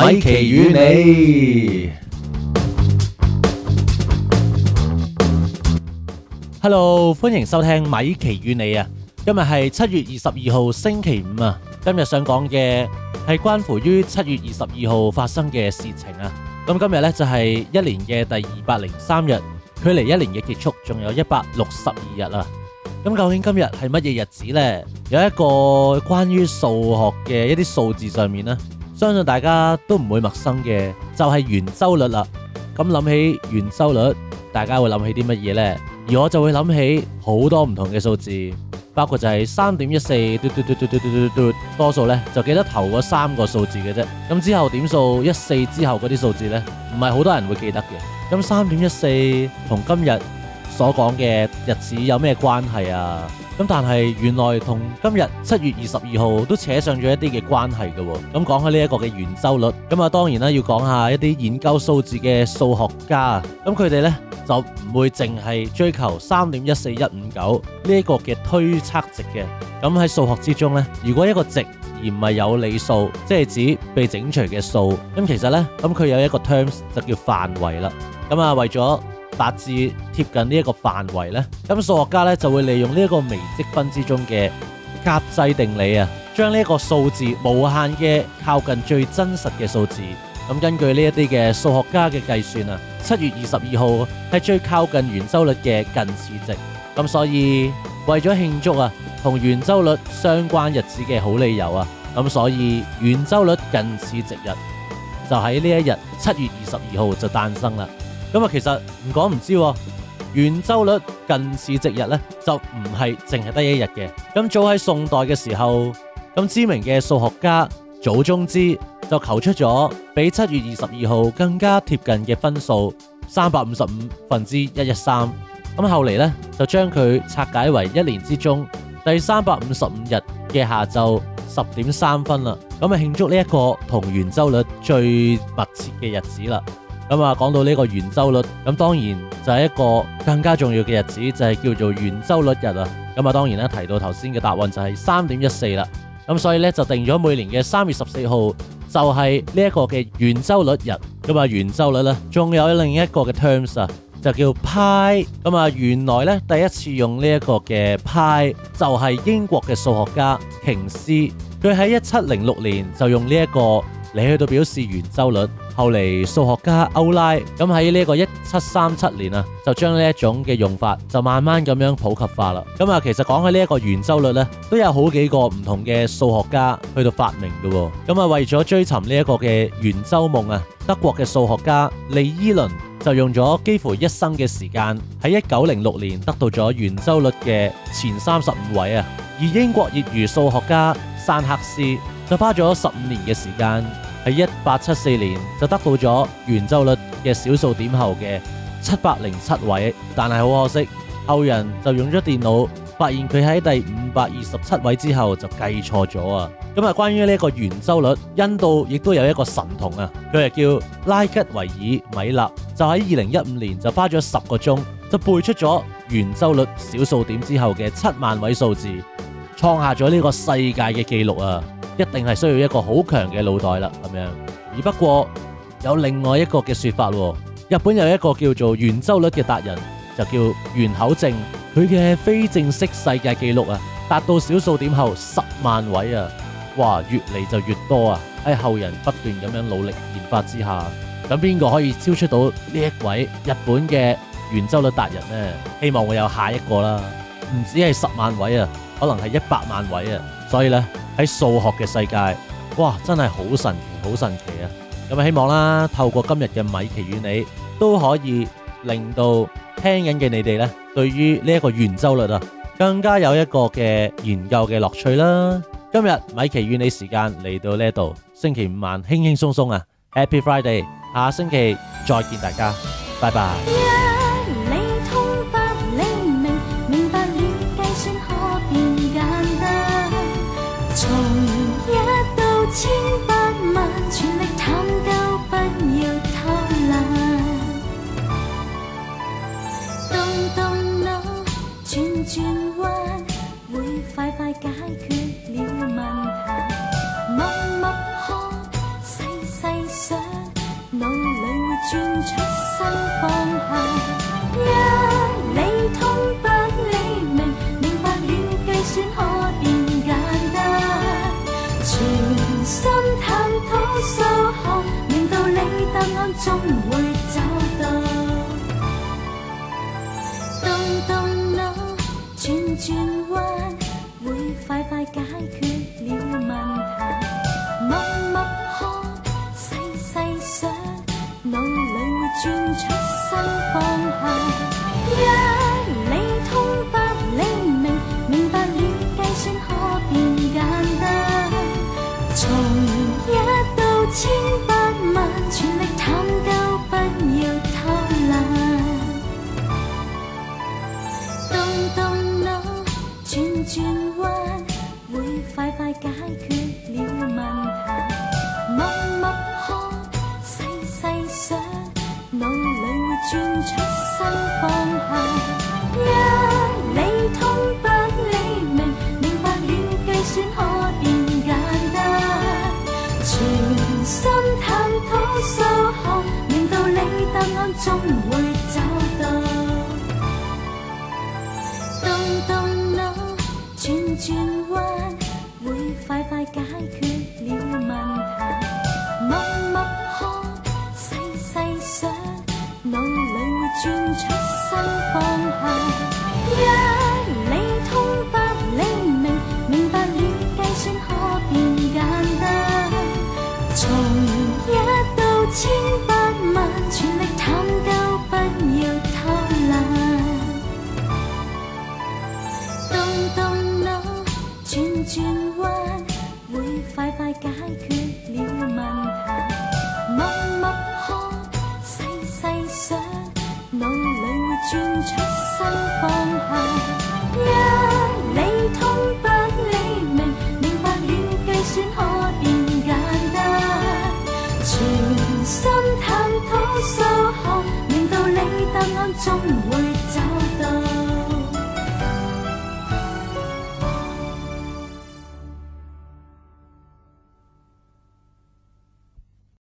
米奇與你，Hello，歡迎收聽米奇與你啊！今日係七月二十二號星期五啊！今日想講嘅係關乎於七月二十二號發生嘅事情啊！咁今日呢就係一年嘅第二百零三日，距離一年嘅結束仲有一百六十二日啦！咁究竟今日係乜嘢日子呢？有一個關於數學嘅一啲數字上面呢？相信大家都唔會陌生嘅，就係圓周率啦。咁諗起圓周率，大家會諗起啲乜嘢呢？而我就會諗起好多唔同嘅數字，包括就係三點一四。嘟嘟嘟嘟嘟嘟嘟嘟，多數呢就記得頭嗰三個數字嘅啫。咁之後點數一四之後嗰啲數字呢，唔係好多人會記得嘅。咁三點一四同今日所講嘅日子有咩關係啊？咁但係原來同今日七月二十二號都扯上咗一啲嘅關係嘅。哦，咁講起呢一個嘅圓周率，咁啊當然啦，要講下一啲研究數字嘅數學家，咁佢哋呢就唔會淨係追求三點一四一五九呢一個嘅推測值嘅。咁喺數學之中呢，如果一個值而唔係有理數，即係指被整除嘅數，咁其實呢，咁佢有一個 terms 就叫範圍啦，咁啊為咗大致貼近這範圍呢一個範圍呢，咁數學家呢就會利用呢一個微積分之中嘅夾擠定理啊，將呢個數字無限嘅靠近最真實嘅數字。咁根據呢一啲嘅數學家嘅計算啊，七月二十二號係最靠近圓周率嘅近似值。咁所以為咗慶祝啊，同圓周率相關日子嘅好理由啊，咁所以圓周率近似值日就喺呢一日，七月二十二號就誕生啦。咁啊，其實唔講唔知道，圓周率近似值日呢，就唔係淨係得一日嘅。咁早喺宋代嘅時候，咁知名嘅數學家祖沖之就求出咗比七月二十二號更加貼近嘅分數三百五十五分之一一三。咁後嚟呢，就將佢拆解為一年之中第三百五十五日嘅下晝十點三分啦。咁啊慶祝呢一個同圓周率最密切嘅日子啦。咁啊，講到呢個圓周率，咁當然就係一個更加重要嘅日子，就係、是、叫做圓周率日啊。咁啊，當然呢提到頭先嘅答案就係三點一四啦。咁所以呢，就定咗每年嘅三月十四號就係呢一個嘅圓周率日。咁啊，圓周，周率呢，仲有另一個嘅 terms 啊，就叫 Pi。咁啊，原來呢，第一次用呢一個嘅 Pi，就係英國嘅數學家瓊斯，佢喺一七零六年就用呢一個嚟去到表示圓周率。後嚟數學家歐拉咁喺呢個一七三七年啊，就將呢一種嘅用法就慢慢咁樣普及化啦。咁啊，其實講起呢一個圓周率咧，都有好幾個唔同嘅數學家去到發明嘅。咁啊，為咗追尋呢一個嘅圓周夢啊，德國嘅數學家利伊倫就用咗幾乎一生嘅時間，喺一九零六年得到咗圓周率嘅前三十五位啊。而英國業餘數學家山克斯就花咗十五年嘅時間。喺一八七四年就得到咗圓周率嘅小數點後嘅七百零七位，但係好可惜後人就用咗電腦發現佢喺第五百二十七位之後就計錯咗啊！咁啊，關於呢個圓周率，印度亦都有一個神童啊，佢係叫拉吉維爾米納，就喺二零一五年就花咗十個鐘就背出咗圓周率小數點之後嘅七萬位數字，創下咗呢個世界嘅紀錄啊！一定係需要一個好強嘅腦袋啦，咁樣。而不過有另外一個嘅說法喎，日本有一個叫做圓周率嘅達人，就叫原口證，佢嘅非正式世界紀錄啊，達到小數點後十萬位啊，哇，越嚟就越多啊！喺後人不斷咁樣努力研發之下，咁邊個可以超出到呢一位日本嘅圓周率達人呢？希望會有下一個啦，唔止係十萬位啊，可能係一百萬位啊。所以咧喺數學嘅世界，哇，真係好神奇，好神奇啊！咁希望啦，透過今日嘅米奇與你都可以令到聽緊嘅你哋咧，對於呢一個圓周率啊，更加有一個嘅研究嘅樂趣啦。今日米奇與你時間嚟到呢度，星期五晚輕輕鬆鬆啊，Happy Friday，下星期再見大家，拜拜。解決了問題，默默看，細細想，腦裏會轉出新方向。一、yeah, 理通百理明，明白了計算可變簡單。全心探討數學，令到你答案終會找到。動動腦，轉轉。解決了問題，默默看，細細想，腦裏會轉出新方向。一理通，百理明，明白了計算可變簡單。從一到千百萬，全力探究，不要偷懶。動動腦，轉轉彎。解決了問題，默默看，細細想，腦裏會轉出新方向。轉出新方向，一理通百理明，明白了計算可變簡單，從一到千百。